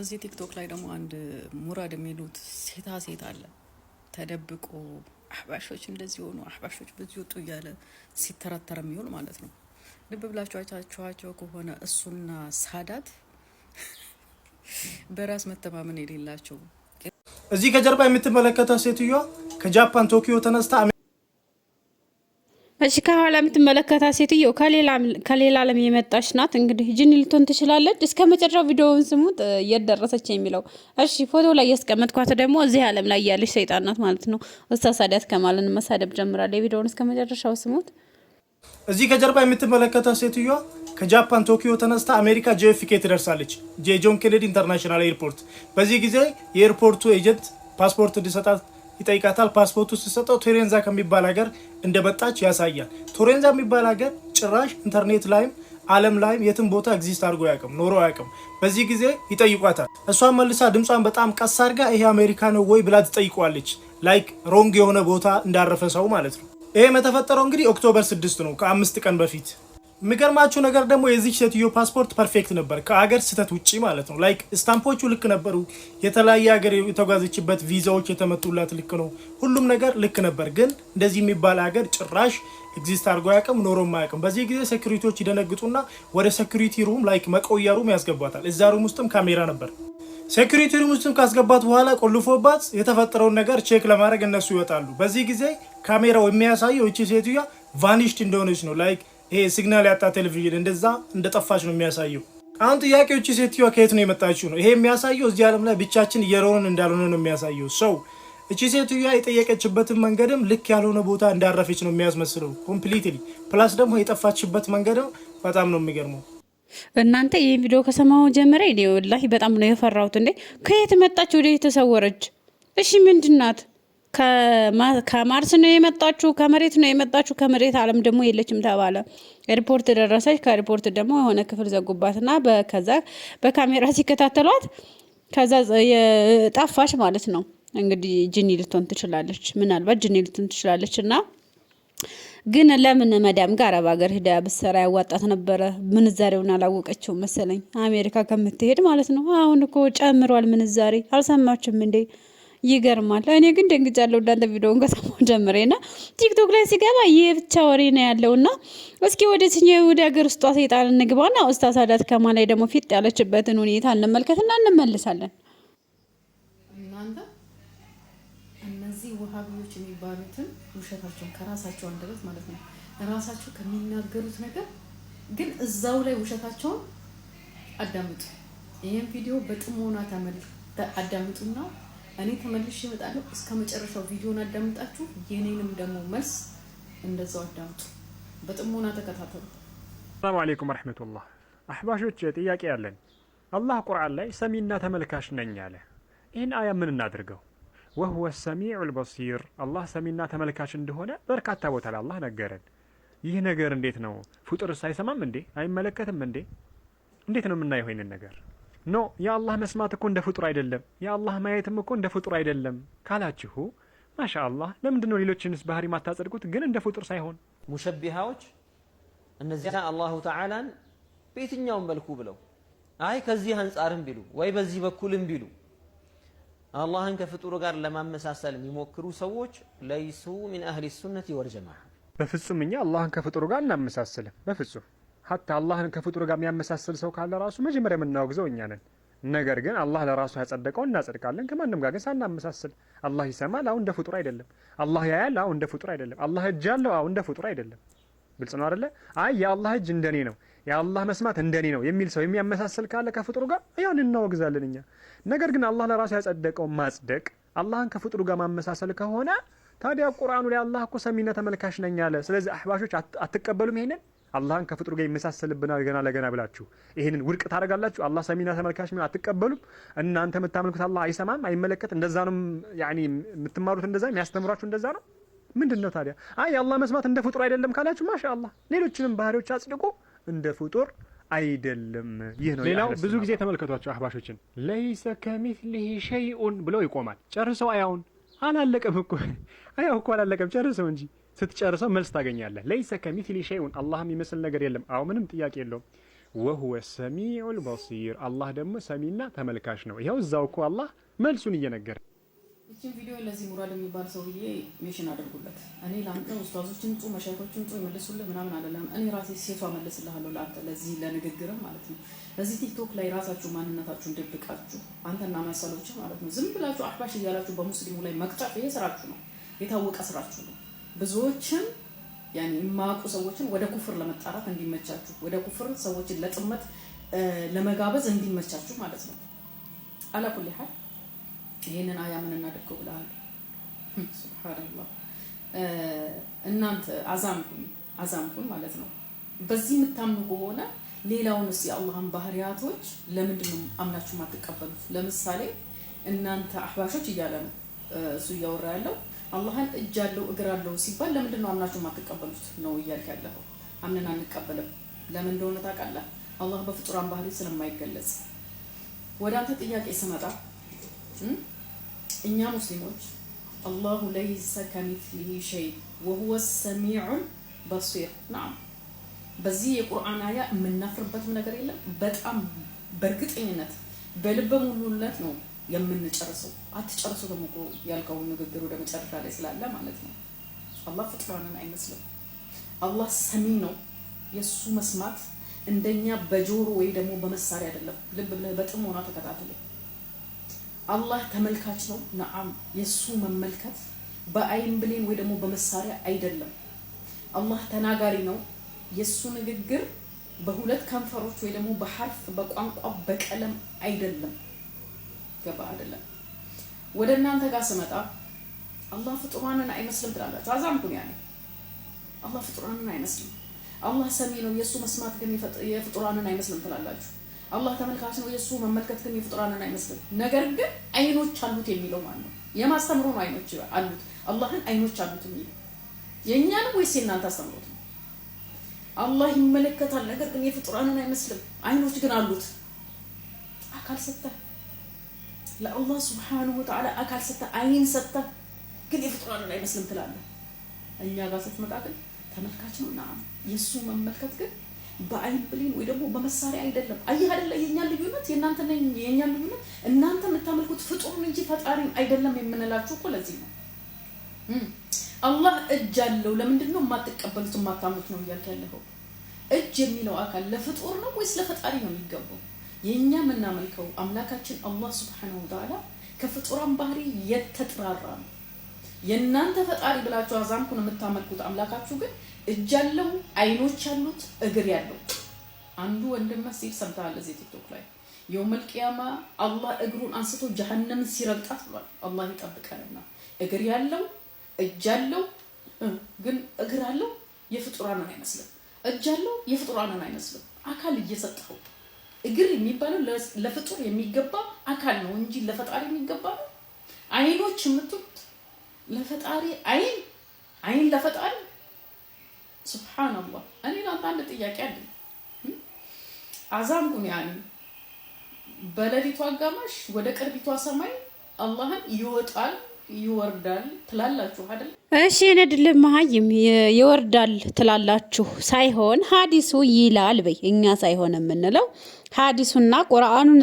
እዚህ ቲክቶክ ላይ ደግሞ አንድ ሙራድ የሚሉት ሴታ ሴት አለ ተደብቆ አህባሾች እንደዚህ ሆኑ አህባሾች በዚህ ወጡ እያለ ሲተረተር የሚውል ማለት ነው። ልብ ብላችሁ አይታችኋቸው ከሆነ እሱና ሳዳት በራስ መተማመን የሌላቸው እዚህ ከጀርባ የምትመለከተው ሴትዮዋ ከጃፓን ቶኪዮ ተነስታ እሺ ከኋላ የምትመለከታት ሴትዮ ከሌላ ዓለም የመጣች ናት። እንግዲህ ጅኒ ልትሆን ትችላለች። እስከ መጨረሻው ቪዲዮውን ስሙት፣ የት ደረሰች የሚለው እሺ። ፎቶ ላይ እያስቀመጥኳት ደግሞ እዚህ ዓለም ላይ ያለች ሰይጣን ናት ማለት ነው። እስታ ሳዲያት ከማለን መሳደብ ጀምራለች። የቪዲዮውን እስከ መጨረሻው ስሙት። እዚህ ከጀርባ የምትመለከታት ሴትዮ ከጃፓን ቶኪዮ ተነስታ አሜሪካ ጄፍኬ ትደርሳለች፣ የጆን ኬኔዲ ኢንተርናሽናል ኤርፖርት። በዚህ ጊዜ የኤርፖርቱ ኤጀንት ፓስፖርት እንዲሰጣት ይጠይቃታል። ፓስፖርቱ ሲሰጠው ቶሬንዛ ከሚባል ሀገር እንደመጣች ያሳያል። ቶሬንዛ የሚባል ሀገር ጭራሽ ኢንተርኔት ላይም ዓለም ላይም የትም ቦታ ኤግዚስት አድርጎ አያውቅም ኖሮ አያውቅም። በዚህ ጊዜ ይጠይቋታል። እሷን መልሳ ድምጿን በጣም ቀስ አድርጋ ይሄ አሜሪካ ነው ወይ ብላ ትጠይቋለች። ላይክ ሮንግ የሆነ ቦታ እንዳረፈ ሰው ማለት ነው። ይሄም የተፈጠረው እንግዲህ ኦክቶበር ስድስት ነው ከአምስት ቀን በፊት የሚገርማችሁ ነገር ደግሞ የዚህ ሴትዮ ፓስፖርት ፐርፌክት ነበር፣ ከአገር ስህተት ውጭ ማለት ነው። ላይክ ስታምፖቹ ልክ ነበሩ። የተለያየ ሀገር የተጓዘችበት ቪዛዎች የተመቱላት ልክ ነው። ሁሉም ነገር ልክ ነበር። ግን እንደዚህ የሚባል ሀገር ጭራሽ ኤግዚስት አድርጎ አያውቅም፣ ኖሮም አያውቅም። በዚህ ጊዜ ሴኩሪቲዎች ይደነግጡና ወደ ሴኩሪቲ ሩም ላይክ መቆያ ሩም ያስገቧታል። እዛ ሩም ውስጥም ካሜራ ነበር። ሴኩሪቲ ሩም ውስጥም ካስገባት በኋላ ቆልፎባት የተፈጠረውን ነገር ቼክ ለማድረግ እነሱ ይወጣሉ። በዚህ ጊዜ ካሜራው የሚያሳየው እቺ ሴትዮዋ ቫኒሽድ እንደሆነች ነው ላይክ ይሄ ሲግናል ያጣ ቴሌቪዥን እንደዛ እንደጠፋች ነው የሚያሳየው። አሁን ጥያቄዎች ሴትዮ ከየት ነው የመጣችው ነው። ይሄ የሚያሳየው እዚህ ዓለም ላይ ብቻችን እየኖርን እንዳልሆነ ነው የሚያሳየው። ሰው እቺ ሴትዮዋ የጠየቀችበትን መንገድም ልክ ያልሆነ ቦታ እንዳረፈች ነው የሚያስመስለው ኮምፕሊትሊ። ፕላስ ደግሞ የጠፋችበት መንገድም በጣም ነው የሚገርመው። እናንተ ይህ ቪዲዮ ከሰማሁ ጀምሬ ላ በጣም ነው የፈራሁት። እንዴ ከየት መጣች? ወደ የተሰወረች እሺ ምንድናት? ከማርስ ነው የመጣችሁ፣ ከመሬት ነው የመጣችሁ፣ ከመሬት አለም ደግሞ የለችም ተባለ። ሪፖርት ደረሰች። ከሪፖርት ደግሞ የሆነ ክፍል ዘጉባትና በከዛ በካሜራ ሲከታተሏት ከዛ ጠፋች ማለት ነው። እንግዲህ ጅኒ ልትሆን ትችላለች፣ ምናልባት ጅኒ ልትሆን ትችላለች እና ግን ለምን መዳም ጋር አረብ ሀገር ሂዳ ብሰራ ያዋጣት ነበረ። ምንዛሬውን አላወቀችው መሰለኝ አሜሪካ ከምትሄድ ማለት ነው። አሁን እኮ ጨምሯል ምንዛሬ። አልሰማችም እንዴ? ይገርማል። እኔ ግን ደንግጫለሁ እንዳንተ ቪዲዮን ከሰማሁ ጀምሬ እና ቲክቶክ ላይ ሲገባ ይህ ብቻ ወሬ ነው ያለው እና እስኪ ወደ ትኛው ወደ ሀገር ውስጧ ሰይጣን ና ኡስታዝ ሳዳት ከማ ላይ ደግሞ ፊጥ ያለችበትን ሁኔታ እንመልከት እንመልከትና እንመልሳለን። እነዚህ ውሃቢዎች የሚባሉትን ውሸታቸውን ከራሳቸው አንደበት ማለት ነው ራሳቸው ከሚናገሩት ነገር ግን እዛው ላይ ውሸታቸውን አዳምጡ። ይህም ቪዲዮ በጥሞና ተመል አዳምጡና እኔ ተመልሼ እመጣለሁ። እስከ መጨረሻው ቪዲዮን አዳምጣችሁ የኔንም ደግሞ መልስ እንደዛው አዳምጡ፣ በጥሞና ተከታተሉ። ሰላም አሌይኩም ረህመቱላህ። አህባሾች ጥያቄ ያለን አላህ ቁርአን ላይ ሰሚና ተመልካች ነኝ አለ። ይህን አያ ምን እናድርገው? ወህወ ሰሚዑ ልበሲር አላህ ሰሚና ተመልካች እንደሆነ በርካታ ቦታ ላይ አላህ ነገረን። ይህ ነገር እንዴት ነው? ፍጡርስ አይሰማም እንዴ? አይመለከትም እንዴ? እንዴት ነው የምናየው ይህንን ነገር? ኖ የአላህ መስማት እኮ እንደ ፍጡር አይደለም፣ የአላህ ማየትም እኮ እንደ ፍጡር አይደለም ካላችሁ ማሻ አላህ ለምንድን ነው ሌሎችንስ ባህሪ ማታጸድቁት? ግን እንደ ፍጡር ሳይሆን ሙሸቢሃዎች እነዚህ አላሁ ተዓላን በየትኛውም መልኩ ብለው አይ ከዚህ አንጻርም ቢሉ ወይ በዚህ በኩልም ቢሉ አላህን ከፍጡሩ ጋር ለማመሳሰል የሚሞክሩ ሰዎች ለይሱ ሚን አህሊ ሱነት ወልጀማዓ። በፍጹም እኛ አላህን ከፍጡሩ ጋር እናመሳስልም፣ በፍጹም ሀታ አላህን ከፍጡር ጋር የሚያመሳስል ሰው ካለ ራሱ መጀመሪያ የምናወግዘው እኛ ነን። ነገር ግን አላህ ለራሱ ያጸደቀው እናጸድቃለን። ከማንም ጋር ግን ሳናመሳስል። አላህ ይሰማል፣ አሁን እንደ ፍጡር አይደለም። አላህ ያያል፣ አሁን እንደ ፍጡር አይደለም። አላህ እጅ አለው፣ አሁን እንደ ፍጡር አይደለም። ግልጽ ነው አደለ? አይ የአላህ እጅ እንደኔ ነው፣ የአላህ መስማት እንደኔ ነው የሚል ሰው የሚያመሳስል ካለ ከፍጡሩ ጋር ያን እናወግዛለን እኛ። ነገር ግን አላህ ለራሱ ያጸደቀው ማጽደቅ አላህን ከፍጡሩ ጋር ማመሳሰል ከሆነ ታዲያ ቁርአኑ ላይ አላህ እኮ ሰሚና ተመልካች ነኝ አለ። ስለዚህ አህባሾች አትቀበሉም ይሄንን አላህን ከፍጥሩ ጋር ይመሳሰልብናል ገና ለገና ብላችሁ ይህንን ውድቅ ታደርጋላችሁ። አላህ ሰሚና ተመልካች ምን አትቀበሉም። እናንተ የምታመልኩት አላህ አይሰማም፣ አይመለከት። እንደዛ ነው የምትማሩት፣ እንደዛ የሚያስተምሯችሁ እንደዛ ነው። ምንድን ነው ታዲያ? አይ አላህ መስማት እንደ ፍጡር አይደለም ካላችሁ ማሻ ሌሎችንም ባህሪዎች አጽድቆ እንደ ፍጡር አይደለም። ይህ ነው። ሌላው ብዙ ጊዜ ተመልከቷቸው አህባሾችን ለይሰ ከሚስሊሂ ሸይኡን ብለው ይቆማል። ጨርሰው አያውን አላለቀም እኮ አያው እኮ አላለቀም። ጨርሰው እንጂ ስትጨርሰው መልስ ታገኛለህ። ለይሰ ከሚትሊ ሸይኡን አላህ የሚመስል ነገር የለም። አዎ ምንም ጥያቄ የለውም። ወሁወ ሰሚዑል በሲር አላህ ደግሞ ሰሚና ተመልካች ነው። ይኸው እዛው እኮ አላህ መልሱን እየነገረ ይችን ቪዲዮ ለዚህ ሙራድ የሚባል ሰውዬ ሜሽን አድርጉለት። እኔ ለአንተ ኡስታዞችን ምጡ፣ መሻይኮችን ምጡ ይመልሱልህ ምናምን አደለም። እኔ ራሴ ሴቷ መልስልሃለሁ ለአንተ ለዚህ ለንግግርም ማለት ነው። በዚህ ቲክቶክ ላይ ራሳችሁ ማንነታችሁን ደብቃችሁ አንተና መሰሎች ማለት ነው ዝም ብላችሁ አህባሽ እያላችሁ በሙስሊሙ ላይ መቅጫት ይሄ ስራችሁ ነው፣ የታወቀ ስራችሁ ነው። ብዙዎችን የማያውቁ ሰዎችን ወደ ኩፍር ለመጣራት እንዲመቻችሁ፣ ወደ ኩፍር ሰዎችን ለጥመት ለመጋበዝ እንዲመቻችሁ ማለት ነው አላኩል ያህል ይሄንን ምን እናድርገው ብለሃል። ሱብሃነላህ። እናንተ አዛምኩኝ አዛምኩኝ ማለት ነው። በዚህ የምታምኑ ከሆነ ሌላውንስ የአላህን ባህሪያቶች ለምንድን ነው አምናችሁ የማትቀበሉት? ለምሳሌ እናንተ አህባሾች እያለ ነው እሱ እያወራ ያለው አላህን እጅ አለው እግር አለው ሲባል ለምንድን ነው አምናችሁ የማትቀበሉት ነው እያልክ ያለኸው። አምነን አንቀበልም። ለምን እንደሆነ ታውቃለህ? አላህ በፍጡራን ባህሪ ስለማይገለጽ። ወደ አንተ ጥያቄ ስመጣ እኛ ሙስሊሞች አላሁ ለይሰ ከሚትሊሂ ሸይ ወሁወ ሰሚዑን በሲር ና በዚህ የቁርአን አያ የምናፍርበትም ነገር የለም። በጣም በእርግጠኝነት በልበ ሙሉነት ነው የምንጨርሰው። አትጨርሱ ተሞክሮ ያልከው ንግግር ወደ መጨረሻ ላይ ስላለ ማለት ነው። አላህ ፍጥሯንን አይመስልም። አላህ ሰሚ ነው። የእሱ መስማት እንደኛ በጆሮ ወይ ደግሞ በመሳሪያ አይደለም። ልብ ብለህ በጥሞና ተከታተለ አላህ ተመልካች ነው። ነዓም የእሱ መመልከት በአይን ብሌን ወይ ደግሞ በመሳሪያ አይደለም። አላህ ተናጋሪ ነው። የእሱ ንግግር በሁለት ከንፈሮች ወይ ደግሞ በሐርፍ በቋንቋ በቀለም አይደለም። ገባ አይደለም። ወደ እናንተ ጋር ስመጣ አላህ ፍጡራንን አይመስልም ትላላችሁ። አዛምኩን ያለ አላህ ፍጡራንን አይመስልም። አላህ ሰሚ ነው፣ የእሱ መስማት ግን የፍጡራንን አይመስልም ትላላችሁ። አላህ ተመልካች ነው። የእሱ መመልከት ግን የፍጡራንን አይመስልም። ነገር ግን አይኖች አሉት የሚለው ማለት ነው የማስተምሮ ነው። አይኖች አሉት አላህን አይኖች አሉት የሚለው የእኛንም ወይስ የእናንተ አስተምሮት ነው? አላህ ይመለከታል፣ ነገር ግን የፍጡራንን አይመስልም። አይኖች ግን አሉት። አካል ሰጥተህ ለአላህ ስብሓነሁ ወተዓላ አካል ሰጥተህ አይን ሰጥተህ ግን የፍጡራንን አይመስልም ትላለህ። እኛ ጋር ስትመጣ ግን ተመልካች ነው። ና የእሱ መመልከት ግን በአይን ብሌን ወይ ደግሞ በመሳሪያ አይደለም። አይ አይደለ የኛ ልዩነት ነኝ የኛ ልዩነት እናንተ የምታመልኩት ፍጡሩን እንጂ ፈጣሪን አይደለም የምንላችሁ እኮ ለዚህ ነው። አላህ እጅ አለው። ለምንድን ነው የማትቀበሉት የማታምኑት ነው እያልክ ያለኸው? እጅ የሚለው አካል ለፍጡር ነው ወይስ ለፈጣሪ ነው የሚገባው? የእኛ የምናመልከው አምላካችን አላህ ስብሓነሁ ወተዓላ ከፍጡራን ባህሪ የተጥራራ ነው። የእናንተ ፈጣሪ ብላችሁ አዛምኩን የምታመልኩት አምላካችሁ ግን እጅ ያለው አይኖች ያሉት እግር ያለው አንዱ ወንድም ሲል ሰምተሃል። እዚህ ቲክቶክ ላይ የውመል ቂያማ አላህ እግሩን አንስቶ ጀሀነምን ሲረግጣት ብሏል። አላህ ይጠብቀንና እግር ያለው እጅ ያለው ግን እግር አለው የፍጡራንን አይመስልም። እጅ ያለው የፍጡራንን አይመስልም። አካል እየሰጠው እግር የሚባለው ለፍጡር የሚገባ አካል ነው እንጂ ለፈጣሪ የሚገባ ነው። አይኖች የምትል ለፈጣሪ አይን አይን ለፈጣሪ ሱብሃንአላህ። እኔ ለአንተ አንድ ጥያቄ አለኝ። አዛንኩን ያኔ በሌሊቱ አጋማሽ ወደ ቅርቢቷ ሰማይ አላህን ይወጣል ይወርዳል ትላላችሁ አይደል? እሺ ነድል መሀይም ይወርዳል ትላላችሁ ሳይሆን ሀዲሱ ይላል በይ። እኛ ሳይሆን የምንለው ሀዲሱና ቁርአኑን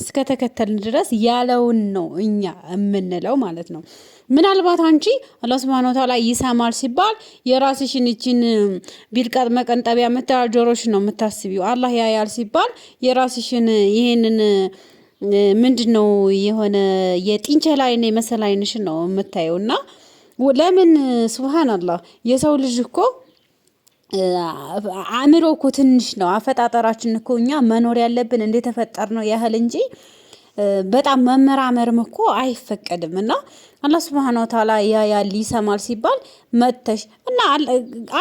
እስከተከተልን ድረስ ያለውን ነው እኛ የምንለው ማለት ነው። ምናልባት አንቺ አላህ ሱብሃነሁ ወተዓላ ይሰማል ሲባል የራስሽን ይችን ቢልቃጥ መቀንጠቢያ የምትላል ጆሮሽ ነው የምታስቢው። አላህ ያያል ሲባል የራስሽን ይሄንን ምንድን ነው የሆነ የጢንቸል አይን የመሰለ አይንሽን ነው የምታየው። እና ለምን ስብሃን አላህ የሰው ልጅ እኮ አእምሮ እኮ ትንሽ ነው። አፈጣጠራችን እኮ እኛ መኖር ያለብን እንደተፈጠር ነው ያህል እንጂ በጣም መመራመርም እኮ አይፈቀድም። እና አላህ ስብሃነ ወተዓላ ያያል ይሰማል ሲባል መተሽ እና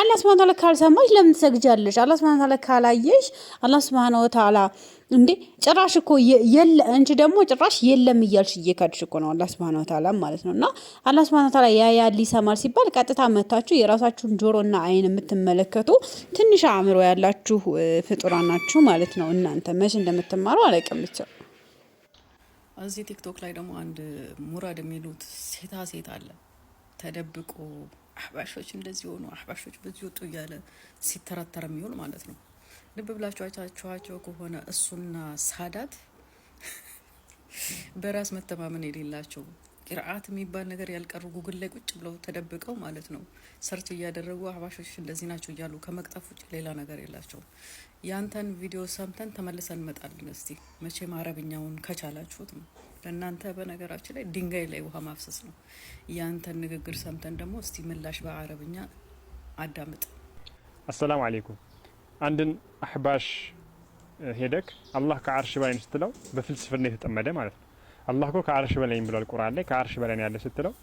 አላህ ስብሃነ ወተዓላ ካልሰማሽ ለምን ትሰግጃለሽ? አላህ ስብሃነ ወተዓላ ካላየሽ አላህ ስብሃነ ወተዓላ እንዴ ጭራሽ እኮ የለ እንጂ ደግሞ ጭራሽ የለም እያልሽ እየካድሽ እኮ ነው አላህ ሱብሃነሁ ወተዓላ ማለት ነው። እና አላህ ሱብሃነሁ ወተዓላ ያ ያ ሊሰማል ሲባል ቀጥታ መታችሁ የራሳችሁን ጆሮና አይን የምትመለከቱ ትንሽ አእምሮ ያላችሁ ፍጡራ ናችሁ ማለት ነው። እናንተ መቼ እንደምትማሩ አላውቅም ብቻ። እዚህ ቲክቶክ ላይ ደግሞ አንድ ሙራድ የሚሉት ሴታ ሴት አለ ተደብቆ አህባሾች እንደዚህ ሆኑ አህባሾች በዚህ ወጡ እያለ ሲተረተር የሚውል ማለት ነው ልብ ብላችሁ አይታችኋቸው ከሆነ እሱና ሳዳት በራስ መተማመን የሌላቸው ቅርአት የሚባል ነገር ያልቀሩ ጉግል ላይ ቁጭ ብለው ተደብቀው ማለት ነው ሰርች እያደረጉ አህባሾች እንደዚህ ናቸው እያሉ ከመቅጠፍ ውጭ ሌላ ነገር የላቸውም። ያንተን ቪዲዮ ሰምተን ተመልሰን እንመጣለን። እስቲ መቼም አረብኛውን ከቻላችሁት ነው ለእናንተ በነገራችን ላይ ድንጋይ ላይ ውሃ ማፍሰስ ነው። ያንተን ንግግር ሰምተን ደግሞ እስቲ ምላሽ በአረብኛ አዳምጥ። አሰላሙ አሌይኩም አንድን አህባሽ ሄደክ አላህ ከአርሽ በላይ ስትለው በፍልስፍና የተጠመደ ማለት ነው። አላህ እኮ ከአርሽ በላይ ብሏል ቁርአን ላይ ከአርሽ በላይ ያለ ስትለው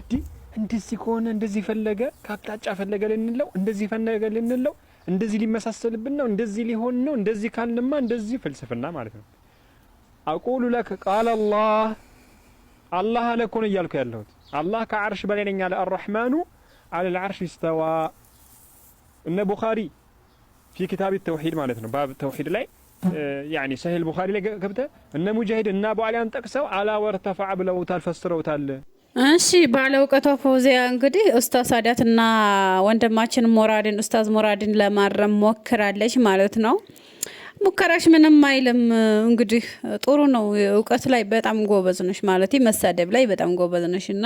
እዲ እንደዚህ ከሆነ እንደዚህ ፈለገ ከአቅጣጫ ፈለገ ልንለው እንደዚህ ፈለገ ልንለው እንደዚህ ሊመሳሰልብን ነው እንደዚህ ሊሆን ነው እንደዚህ ካልንማ እንደዚህ ፍልስፍና ማለት ነው። አቁሉ ለከ ቃል አላህ አላህ አለ እኮ ነው እያልኩ ያለሁት አላህ ከአርሽ በላይ ነኝ አለ። አርረሕማኑ አለል ስተዋ እነ ቡኻሪ التوحيد معناتنا ተውሂድ ማለት لا يعني ተውሂድ البخاري اللي ሰሂህ ان مجاهد ان ابو علي ان አቡ على ጠቅሰው አላ تال فسروا تال እሺ ባለ እውቀቷ ፎዚያ እንግዲህ ኡስታዝ ሳዳት እና ወንድማችን ሞራድን ኡስታዝ ሞራድን ለማረም ሞክራለች ማለት ነው። ሙከራሽ ምንም አይልም። እንግዲህ ጥሩ ነው። እውቀት ላይ በጣም ጎበዝ ነሽ ማለት መሳደብ ላይ በጣም ጎበዝ ነሽ እና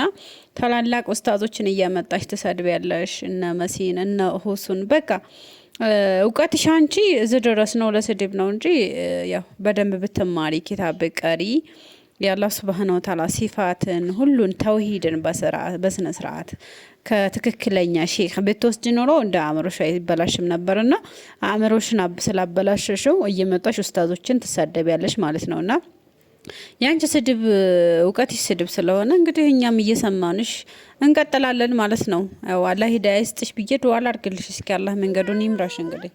ታላላቅ ኡስታዞችን እያመጣሽ ትሰድብ ያለሽ እነ መሲን እነ ሁሱን በቃ እውቀትሽ አንቺ እዚህ ድረስ ነው፣ ለስድብ ነው እንጂ ያው በደንብ ብትማሪ ኪታብ ብቀሪ የአላህ ስብሃነ ወተዓላ ሲፋትን ሁሉን ተውሂድን በስነ ስርዓት ከትክክለኛ ሼክ ብትወስድ ኖሮ እንደ አእምሮሽ አይበላሽም ነበር። ና አእምሮሽን ስላበላሸሽው እየመጣሽ ኡስታዞችን ትሳደቢያለሽ ማለት ነው ና የአንቺ ስድብ እውቀት ስድብ ስለሆነ እንግዲህ እኛም እየሰማንሽ እንቀጥላለን ማለት ነው። ያው አላህ ሂዳያ ይስጥሽ ብዬ ዱዓ ላድርግልሽ። እስኪ አላህ መንገዱን ይምራሽ እንግዲህ